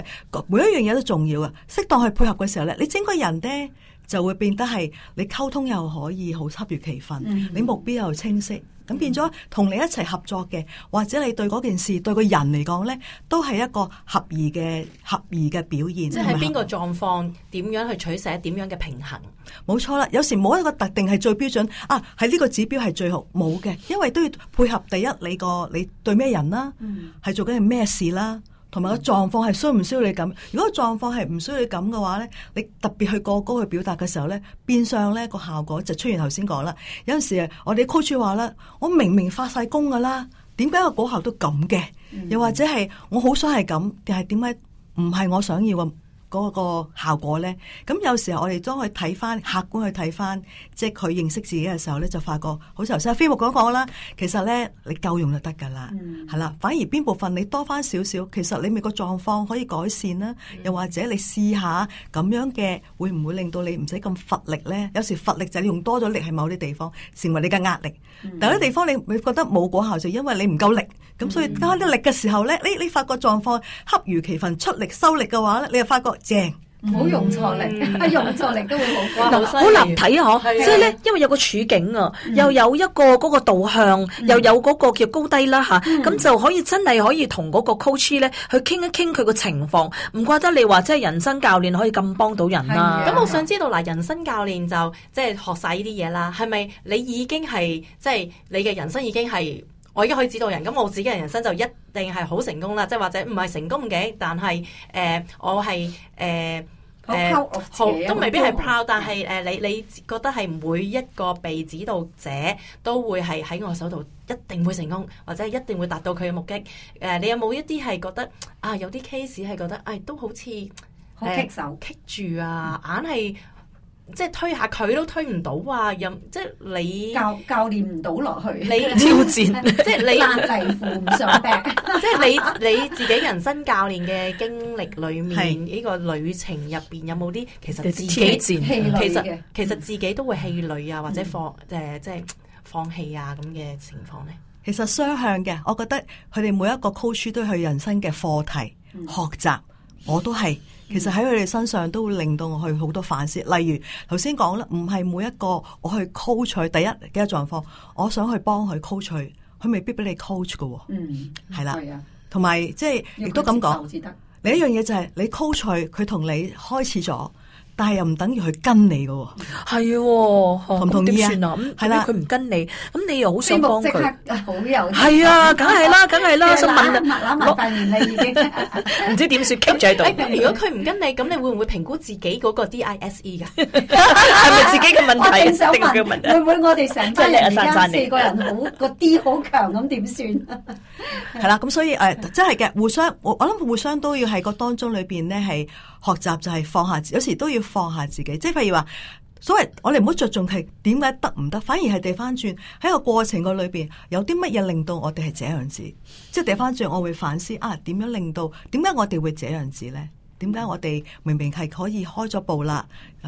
每一樣嘢都重要啊。適當去配合嘅時候呢，你整個人咧。就會變得係你溝通又可以好恰如其分，mm hmm. 你目標又清晰，咁變咗同你一齊合作嘅，mm hmm. 或者你對嗰件事對個人嚟講呢，都係一個合宜嘅合宜嘅表現。即係邊個狀況，點宜樣去取捨，點樣嘅平衡？冇錯、嗯、啦，有時冇一個特定係最標準啊，係呢個指標係最好冇嘅，因為都要配合第一你個你對咩人啦，係、mm hmm. 做緊係咩事啦。同埋個狀況係需唔需要你咁？如果個狀況係唔需要你咁嘅話呢，你特別去過高去表達嘅時候呢，變相呢個效果就出現頭先講啦。有陣時，我哋 coach 話啦，我明明發晒功噶啦，點解個果效都咁嘅？又或者係我好想係咁，定係點解唔係我想要嘅？嗰個效果咧，咁有時候我哋都去睇翻，客觀去睇翻，即係佢認識自己嘅時候咧，就發覺，好似頭先阿飛牧講講啦，其實咧你夠用就得㗎啦，係啦，反而邊部分你多翻少少，其實你咪個狀況可以改善啦，又或者你試下咁樣嘅，會唔會令到你唔使咁乏力咧？有時乏力就係你用多咗力喺某啲地方，成為你嘅壓力。但有啲地方你會覺得冇果效，就因為你唔夠力，咁所以加啲力嘅時候咧，你你發覺狀況恰如其分，出力收力嘅話咧，你又發覺。正，唔好用錯力，啊、嗯、用錯力都會好乖，好立體啊！嗬，所以咧，因為有個處境啊，又有一個嗰個導向，嗯、又有嗰個叫高低啦吓，咁、嗯嗯、就可以真係可以同嗰個 coach 咧去傾一傾佢個情況，唔怪得你話即係人生教練可以咁幫到人啦？咁我想知道嗱，人生教練就即係、就是、學晒呢啲嘢啦，係咪你已經係即係你嘅人生已經係？我而家可以指導人，咁我自己嘅人生就一定係好成功啦！即係或者唔係成功嘅，但係誒、呃、我係誒誒，都未必係 proud，但係誒、呃、你你覺得係每一個被指導者都會係喺我手度一定會成功，或者一定會達到佢嘅目的。誒、呃，你有冇一啲係覺得啊？有啲 case 係覺得誒、哎、都好似好棘手、呃、棘住啊，硬係。即係推下佢都推唔到啊！任即係你教教練唔到落去，你挑戰，即係你壓力負唔上病，即係你你自己人生教練嘅經歷裏面，呢個旅程入邊有冇啲其實自己其實其實自己都會氣餒啊，或者放誒即係放棄啊咁嘅情況咧？其實雙向嘅，我覺得佢哋每一個 coach 都係人生嘅課題學習。我都係，其實喺佢哋身上都會令到我去好多反思。例如頭先講啦，唔係每一個我去 coaching，第一嘅多狀況，我想去幫佢 coaching，佢未必俾你 coaching 嘅喎。嗯，係啦的，同埋的即係亦都咁講。的另一樣嘢就係、是、你 coaching 佢同你開始咗。但係又唔等於佢跟你咯，係喎，同唔同意啊？咁係啦，佢唔跟你，咁你又好想幫佢，好有係啊？梗係啦，梗係啦，想問啦，拿麻袋完你已經，唔知點算，keep 住喺度。如果佢唔跟你，咁你會唔會評估自己嗰個 DISE 噶？係咪自己嘅問題？我正想問，會唔會我哋成家而家四個人好個 D 好強咁點算？係啦，咁所以誒，真係嘅互相，我諗互相都要喺個當中裏邊咧係。學習就係放下，有時都要放下自己。即係譬如話，所謂我哋唔好着重係點解得唔得，反而係掉翻轉喺個過程個裏邊有啲乜嘢令到我哋係這樣子。即係掉翻轉，我會反思啊，點樣令到點解我哋會這樣子呢？點解我哋明明係可以開咗步啦，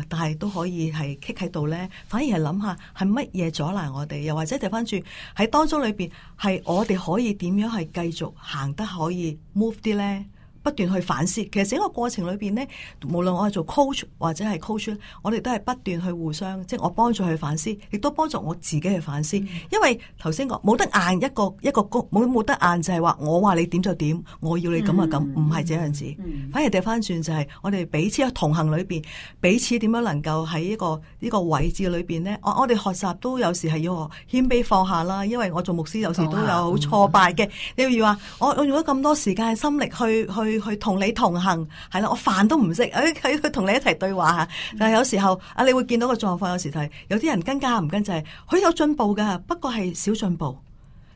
但係都可以係棘喺度呢？反而係諗下係乜嘢阻攔我哋？又或者掉翻轉喺當中裏邊係我哋可以點樣係繼續行得可以 move 啲呢？不斷去反思，其實整個過程裏邊呢，無論我係做 coach 或者係 coach，我哋都係不斷去互相，即、就、係、是、我幫助去反思，亦都幫助我自己去反思。Mm hmm. 因為頭先講冇得硬一個一個一個冇冇得硬就係話我話你點就點，我要你咁就咁，唔係、mm hmm. 這樣子。Mm hmm. 反而掉翻轉就係、是、我哋彼此同行裏邊，彼此點樣能夠喺一個呢、這個位置裏邊呢？我我哋學習都有時係要謙卑放下啦，因為我做牧師有時都有挫敗嘅。嗯、例如話、嗯，我我用咗咁多時間嘅心力去去。去去去同你同行，係啦，我飯都唔食，誒、哎，佢佢同你一齊對話吓。但係有時候啊，你會見到個狀況，有時係有啲人跟家唔跟，就係、是、佢有進步噶，不過係少進步。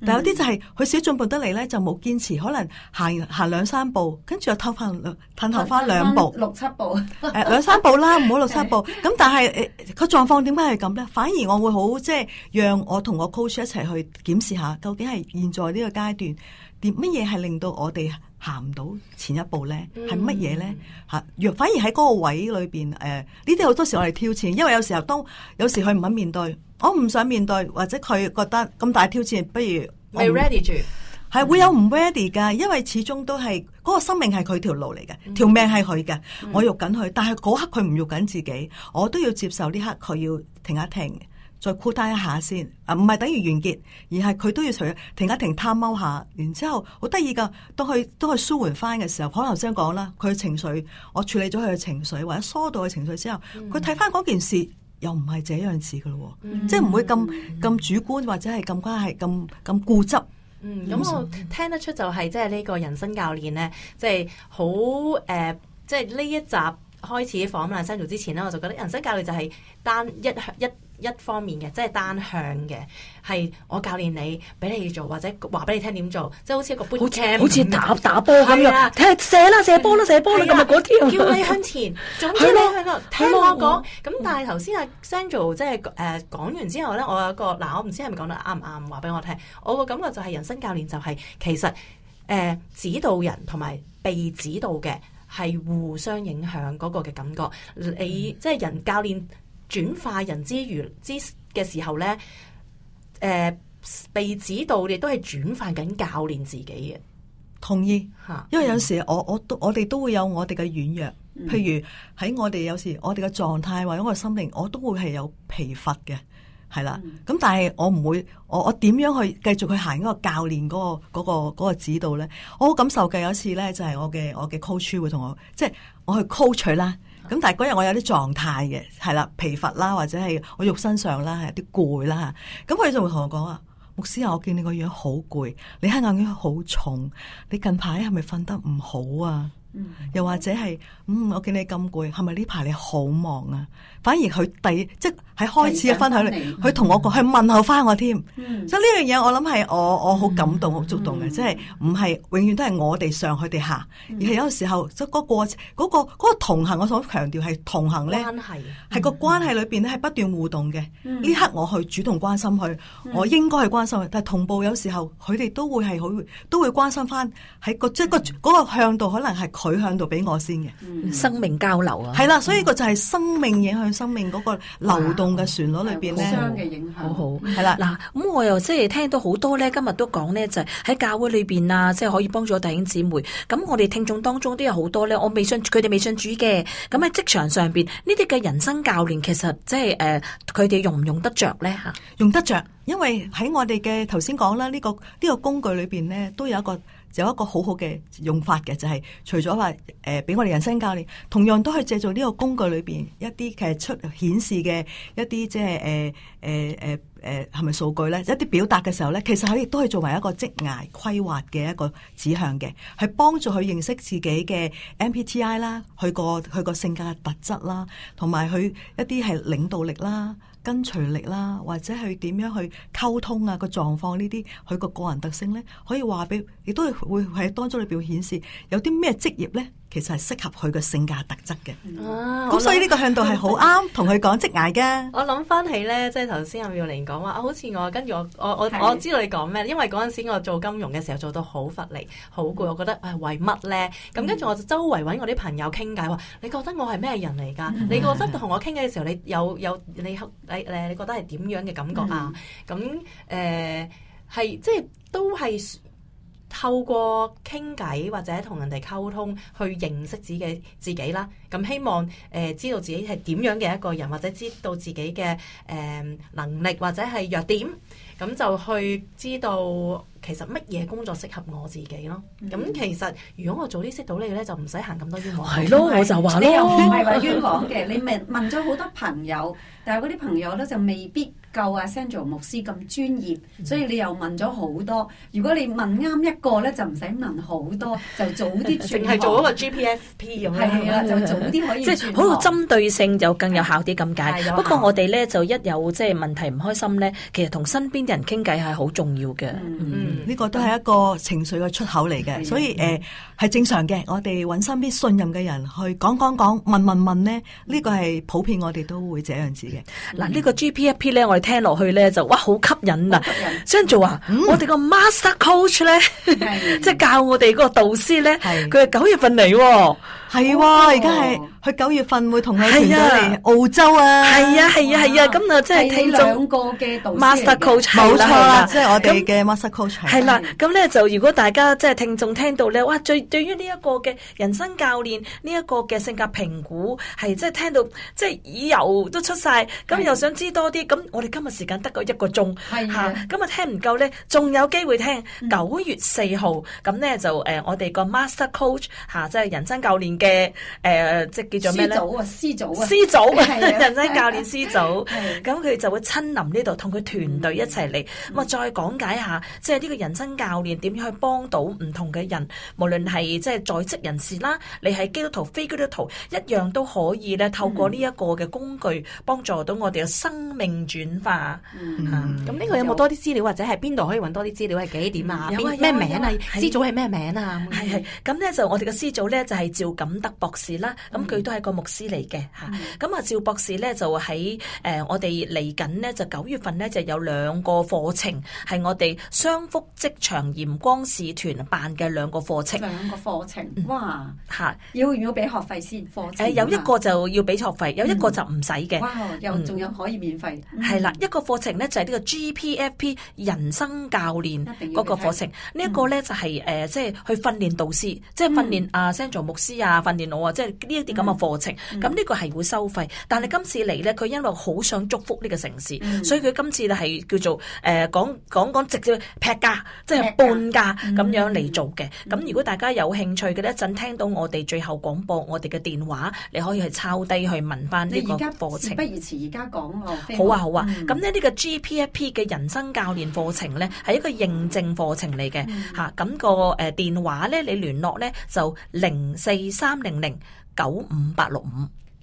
但有啲就係佢少進步得嚟咧，就冇堅持，可能行行兩三步，跟住又偷翻兩，褪頭翻兩步，六七步，誒、哎，兩三步啦，唔好六七步。咁 但係個狀況點解係咁咧？反而我會好即係讓我同我 coach 一齊去檢視下，究竟係現在呢個階段點乜嘢係令到我哋？行唔到前一步咧，係乜嘢咧？吓，若反而喺嗰個位裏邊，誒、呃，呢啲好多時我哋挑戰，因為有時候都有時佢唔肯面對，我唔想面對，或者佢覺得咁大挑戰，不如我未 ready 住，係會有唔 ready 噶，嗯、因為始終都係嗰、那個生命係佢條路嚟嘅，條命係佢嘅，嗯、我喐緊佢，但係嗰刻佢唔喐緊自己，我都要接受呢刻佢要停一停。再擴大一下先，啊，唔係等於完結，而係佢都要隨停一停，探踎下，然之後好得意噶，當佢當佢舒緩翻嘅時候，可能先講啦，佢嘅情緒，我處理咗佢嘅情緒，或者疏導佢情緒之後，佢睇翻嗰件事又唔係這樣子噶咯，嗯、即係唔會咁咁、嗯、主觀或者係咁關係咁咁固執。嗯，咁我聽得出就係即係呢個人生教練咧，即係好誒，即係呢一集開始訪問阿 Sanjo 之前咧，我就覺得人生教練就係單一一。一一一方面嘅，即係單向嘅，係我教練你俾你做，或者話俾你聽點做，即係好似一個搬車，好似打打波咁樣，踢的射啦，射波啦，射波啦咁啊嗰啲，的叫你向前，總之咯的，聽我講。咁、嗯、但係頭先阿 Sanjo 即係誒、呃、講完之後咧，我有個嗱、呃，我唔知係咪講到啱唔啱，話俾我聽。我個感覺就係人生教練就係、是、其實誒、呃、指導人同埋被指導嘅係互相影響嗰個嘅感覺。你，、嗯、你即係人教練。轉化人之餘之嘅時候咧，誒、呃，被指導亦都係轉化緊教練自己嘅。同意。吓，因為有時我我都我哋都會有我哋嘅軟弱，嗯、譬如喺我哋有時我哋嘅狀態或者我嘅心靈，我都會係有疲乏嘅，係啦。咁、嗯、但係我唔會，我我點樣去繼續去行嗰個教練嗰、嗰個、嗰個、嗰個指導咧？我好感受嘅有一次咧，就係我嘅我嘅 coaching 會同我，即係我去 coaching 啦。咁但係嗰日我有啲狀態嘅，係啦，疲乏啦，或者係我肉身上啦有啲攰啦嚇。咁佢就會同我講啊， 牧師啊，我見你個樣好攰，你黑眼圈好重，你近排係咪瞓得唔好啊？ 又或者係嗯，我見你咁攰，係咪呢排你好忙啊？反而佢第即係開始嘅分享佢同我講，去問候翻我添。所以呢樣嘢我諗係我我好感動好觸動嘅，即係唔係永遠都係我哋上佢哋下，而係有時候即嗰個嗰個個個同行，我想強調係同行咧，係個關係裏邊咧係不斷互動嘅。呢刻我去主動關心佢，我應該係關心佢，但係同步有時候佢哋都會係好都會關心翻喺個即係個個向度，可能係佢向度俾我先嘅生命交流啊。係啦，所以個就係生命影響。生命嗰個流動嘅旋律裏邊咧，啊、影響好好係啦嗱，咁、嗯嗯、我又即係聽到好多咧，今日都講咧就喺、是、教會裏邊啊，即、就、係、是、可以幫助弟兄姊妹。咁我哋聽眾當中都有好多咧，我未信佢哋未信主嘅，咁喺職場上邊呢啲嘅人生教練，其實即係誒，佢、呃、哋用唔用得着咧吓？啊、用得着，因為喺我哋嘅頭先講啦，呢、這個呢、這個工具裏邊咧，都有一個。有一個好好嘅用法嘅，就係、是、除咗話誒俾我哋人生教練，同樣都係借助呢個工具裏邊一啲其實出顯示嘅一啲即係誒誒誒誒係咪數據咧？一啲表達嘅時候咧，其實可以都係作為一個職涯規劃嘅一個指向嘅，係幫助佢認識自己嘅 MBTI 啦，佢個佢個性格嘅特質啦，同埋佢一啲係領導力啦。跟隨力啦，或者係點樣去溝通啊，個狀況呢啲，佢個個人特性呢，可以話俾，亦都會喺當中裏表顯示有啲咩職業呢？其實係適合佢嘅性格特質嘅，咁所以呢個向度係好啱同佢講職涯嘅。我諗翻起咧，即係頭先阿妙玲講話，啊，好似我跟住我，我我我知道你講咩，因為嗰陣時我做金融嘅時候做到好乏力、好攰。是的 我覺得誒為乜咧？咁跟住我就周圍揾我啲朋友傾偈，話你覺得我係咩人嚟噶？是的 你覺得同我傾偈嘅時候，你有有你合你，你覺得係點樣嘅感覺啊？咁誒、嗯，係即係都係。都透過傾偈或者同人哋溝通去認識自己自己啦，咁希望誒、呃、知道自己係點樣嘅一個人，或者知道自己嘅誒、呃、能力或者係弱點，咁就去知道其實乜嘢工作適合我自己咯。咁、mm hmm. 其實如果我早啲識到你咧，就唔使行咁多冤枉路。係咯，我就話咯 你又唔係話冤枉嘅，你問問咗好多朋友， 但係嗰啲朋友咧就未必。夠阿 Sanjo 牧師咁專業，所以你又問咗好多。如果你問啱一個咧，就唔使問好多，就早啲轉。淨係 做嗰個 G、PS、P S P 咁樣，就早啲可以轉。即係、就是、好有針對性就更有效啲咁解。不過我哋咧就一有即係問題唔開心咧，其實同身邊嘅人傾偈係好重要嘅。呢個都係一個情緒嘅出口嚟嘅，的所以誒。嗯係正常嘅，我哋揾身邊信任嘅人去講講講、問問問咧，呢、這個係普遍我哋都會這樣子嘅。嗱、嗯，呢、這個 G P P 咧，我哋聽落去咧就哇好吸引，吸引啊！Sanjo 啊，我哋個 master coach 咧，的 即係教我哋嗰個導師咧，佢係九月份嚟喎、哦。係喎，而家係佢九月份會同佢團到嚟澳洲啊！係啊，係啊，係啊，咁啊，即係聽兩個嘅導師，master coach 冇錯啦，即係我哋嘅 master coach。係啦，咁咧就如果大家即係聽眾聽到咧，哇！最對於呢一個嘅人生教練呢一個嘅性格評估，係即係聽到即係耳油都出晒，咁又想知多啲，咁我哋今日時間得個一個鐘嚇，咁啊聽唔夠咧，仲有機會聽九月四號，咁咧就誒我哋個 master coach 嚇，即係人生教練。嘅誒，即係叫做咩咧？師祖啊，師祖啊，師祖人生教練師祖。咁佢就會親臨呢度，同佢團隊一齊嚟，咁啊再講解下，即係呢個人生教練點樣去幫到唔同嘅人，無論係即係在職人士啦，你係基督徒、非基督徒一樣都可以咧，透過呢一個嘅工具幫助到我哋嘅生命轉化。嚇，咁呢個有冇多啲資料，或者係邊度可以揾多啲資料？係幾點啊？咩名啊？師祖係咩名啊？係係，咁咧就我哋嘅師祖咧就係照錦，伍德博士啦，咁佢都係個牧師嚟嘅吓。咁啊，趙博士咧就喺誒，我哋嚟緊咧就九月份咧就有兩個課程係我哋商福職場鹽光使團辦嘅兩個課程。兩個課程，哇！吓，要要俾學費先？課程誒，有一個就要俾學費，有一個就唔使嘅。哇！又仲有可以免費。係啦，一個課程咧就係呢個 GPFP 人生教練嗰個課程。呢一個咧就係誒，即係去訓練導師，即係訓練啊，Sanjo 牧師啊。訓練我啊，即係呢一啲咁嘅課程，咁呢個係會收費，但係今次嚟呢，佢因為好想祝福呢個城市，嗯、所以佢今次咧係叫做誒講講講直接劈價，即係半價咁樣嚟做嘅。咁、嗯嗯、如果大家有興趣嘅，一陣聽到我哋最後廣播，我哋嘅電話你可以去抄低去問翻呢個課程。不宜遲而家講哦。好啊好啊，咁咧呢個 G P F P 嘅人生教練課程呢，係一個認證課程嚟嘅吓，咁、嗯嗯啊那個誒電話咧你聯絡呢，就零四三。三零零九五八六五。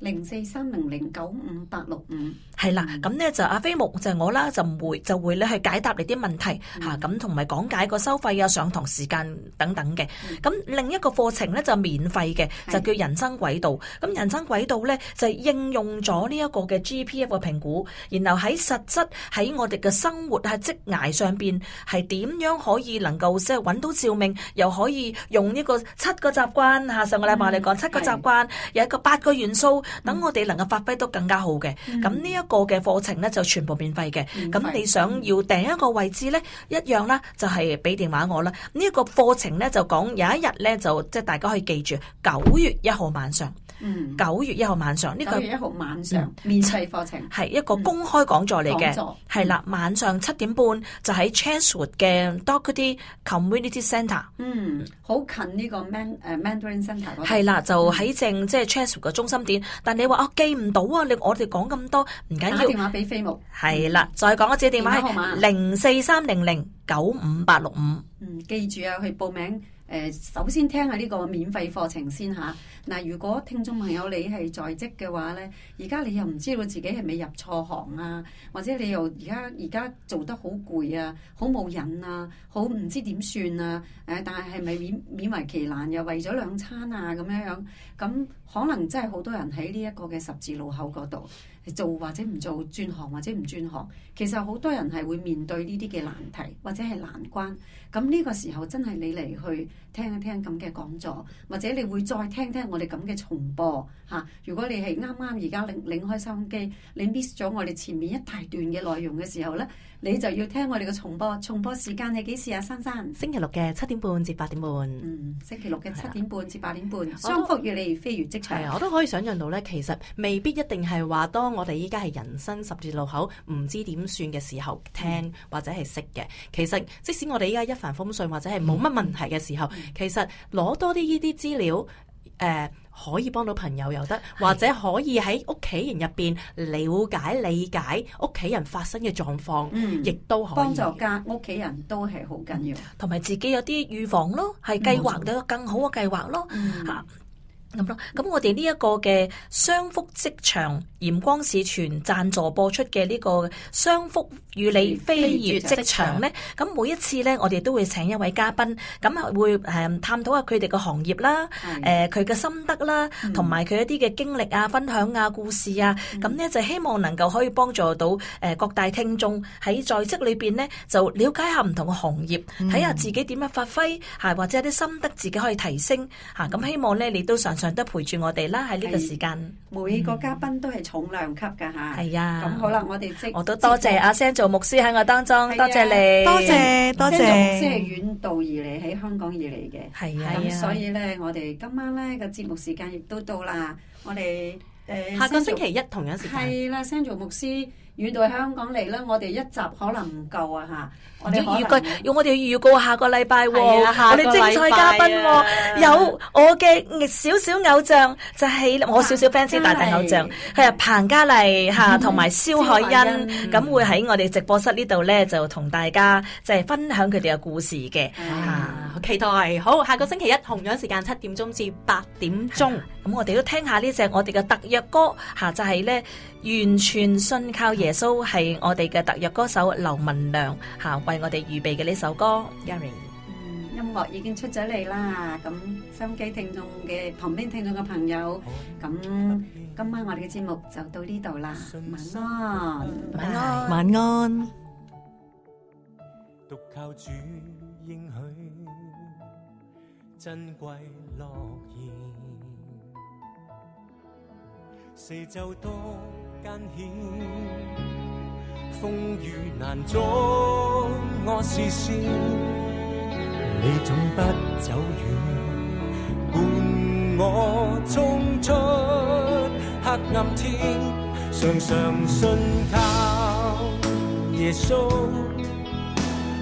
零四三零零九五八六五係啦，咁呢，就阿飛牧就係我啦，就會就會你去解答你啲問題吓，咁同埋講解個收費啊、上堂時間等等嘅。咁、嗯、另一個課程呢，就免費嘅，就叫人生軌道。咁的、嗯、人生軌道呢，就應用咗呢一個嘅 GPF 嘅評估，然後喺實質喺我哋嘅生活啊、職涯上邊係點樣可以能夠即係揾到照明，又可以用呢個七個習慣吓，上個禮拜我哋講七個習慣，有、嗯、一個八個元素。等我哋能夠發揮到更加好嘅。咁呢一個嘅課程咧，就全部免費嘅，咁費你想要訂一個位置咧一樣啦，就係俾電話我啦。呢、這、一個課程咧，就講有一日咧，就即係大家可以記住九月一號晚上。嗯，九月一號晚上呢個月一號晚上面砌課程係一個公開講座嚟嘅，係啦，晚上七點半就喺 Chatswood 嘅 Dougherty Community Centre。嗯，好近呢個 Mandarin Centre。係啦，就喺正即係 Chatswood 嘅中心點。但你話我記唔到啊？你我哋講咁多唔緊要，打電話俾飛牧。係啦，再講一次電話，零四三零零九五八六五。嗯，記住啊，去報名。誒，首先聽下呢個免費課程先嚇。嗱，如果聽眾朋友你係在職嘅話咧，而家你又唔知道自己係咪入錯行啊？或者你又而家而家做得好攰啊，好冇癮啊，好唔知點算啊？誒，但係係咪勉勉為其難啊？又為咗兩餐啊，咁樣樣，咁可能真係好多人喺呢一個嘅十字路口嗰度做或者唔做轉行或者唔轉行，其實好多人係會面對呢啲嘅難題或者係難關。咁呢個時候真係你嚟去聽一聽咁嘅講座，或者你會再聽聽我哋咁嘅重播嚇、啊。如果你係啱啱而家拎拎開收音機，你 miss 咗我哋前面一大段嘅內容嘅時候呢，你就要聽我哋嘅重播。重播時間係幾時啊，珊珊？星期六嘅七點半至八點半。嗯，星期六嘅七點半至八點半。了商福與你飛越職場。我都可以想象到呢，其實未必一定係話當我哋依家係人生十字路口唔知點算嘅時候聽、嗯、或者係識嘅。其實即使我哋依家一。行風水或者係冇乜問題嘅時候，嗯、其實攞多啲呢啲資料，誒、呃、可以幫到朋友又得，的或者可以喺屋企人入邊了解、理解屋企人發生嘅狀況，亦都、嗯、可以幫助家屋企人都係好緊要，同埋自己有啲預防咯，係計劃到更好嘅計劃咯，吓、嗯。咁咯，咁、嗯嗯、我哋呢一個嘅商福職場鹽光使團贊助播出嘅呢個商福與你飛越職場呢，咁每一次呢，我哋都會請一位嘉賓，咁啊會誒探討下佢哋個行業啦，誒佢嘅心得啦，同埋佢一啲嘅經歷啊、分享啊、故事啊，咁呢、嗯，就、嗯、希望能夠可以幫助到誒各大聽眾喺在，在職裏邊呢，就了解下唔同嘅行業，睇下自己點樣發揮，嚇或者啲心得自己可以提升嚇，咁、嗯嗯嗯嗯、希望呢，你都想想。都陪住我哋啦，喺呢個時間，每個嘉賓都係重量級噶吓。係、嗯、啊，咁好啦，我哋即我都多謝阿 Sanjo 做牧師喺我當中，啊、多謝你，多謝多謝。Sanjo 牧師係遠道而嚟，喺香港而嚟嘅，係啊，咁所以咧，我哋今晚咧、這個節目時間亦都到啦，我哋誒、呃、下個星期一同樣時間。係啦，Sanjo 做牧師。遇到香港嚟咧，我哋一集可能唔夠啊吓！我哋要預告，要我哋預告下個禮拜喎，我哋精彩嘉賓喎，有我嘅少少偶像，就係我少少 fans 大大偶像，係啊彭嘉麗吓，同埋蕭海欣，咁會喺我哋直播室呢度咧，就同大家就係分享佢哋嘅故事嘅。啊，期待好，下個星期一同樣時間七點鐘至八點鐘，咁我哋都聽下呢隻我哋嘅特約歌吓，就係咧完全信靠耶。耶穌係我哋嘅特約歌手劉文良吓，為我哋預備嘅呢首歌。嗯，音樂已經出咗嚟啦，咁收機聽眾嘅旁邊聽眾嘅朋友，咁今晚我哋嘅節目就到呢度啦。晚安，係，晚安。艱險，風雨難阻我視線，你總不走遠，伴我衝出黑暗天。常常信靠耶穌，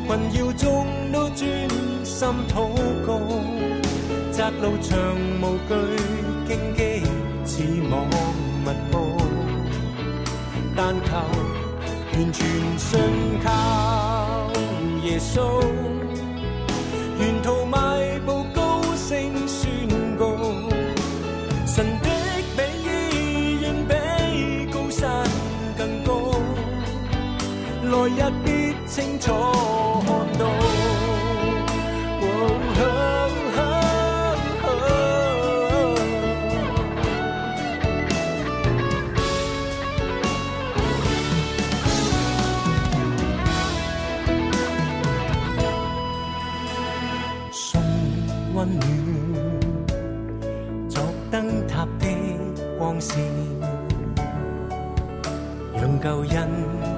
困擾中都專心禱告，窄路長無懼荊棘，似網密但求完全信靠耶穌，沿途邁步高聲宣告，神的美意遠比高山更高，來日必清楚看到。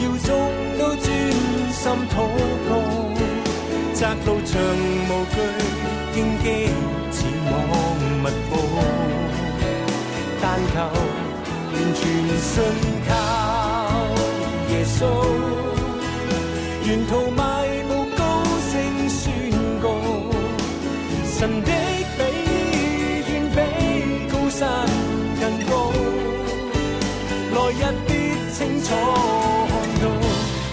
要足都專心禱告，窄路長無懼荊棘，似網密布，但求完全信靠耶穌，沿途邁步高聲宣告，神的比遠比高山更高，來日必清楚。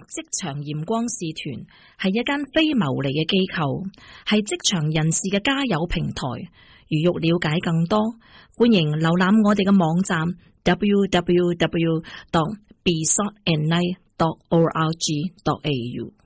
職場鹽光使團係一間非牟利嘅機構，係職場人士嘅交友平台。如欲了解更多，歡迎瀏覽我哋嘅網站 www.bsaltandlight.org.au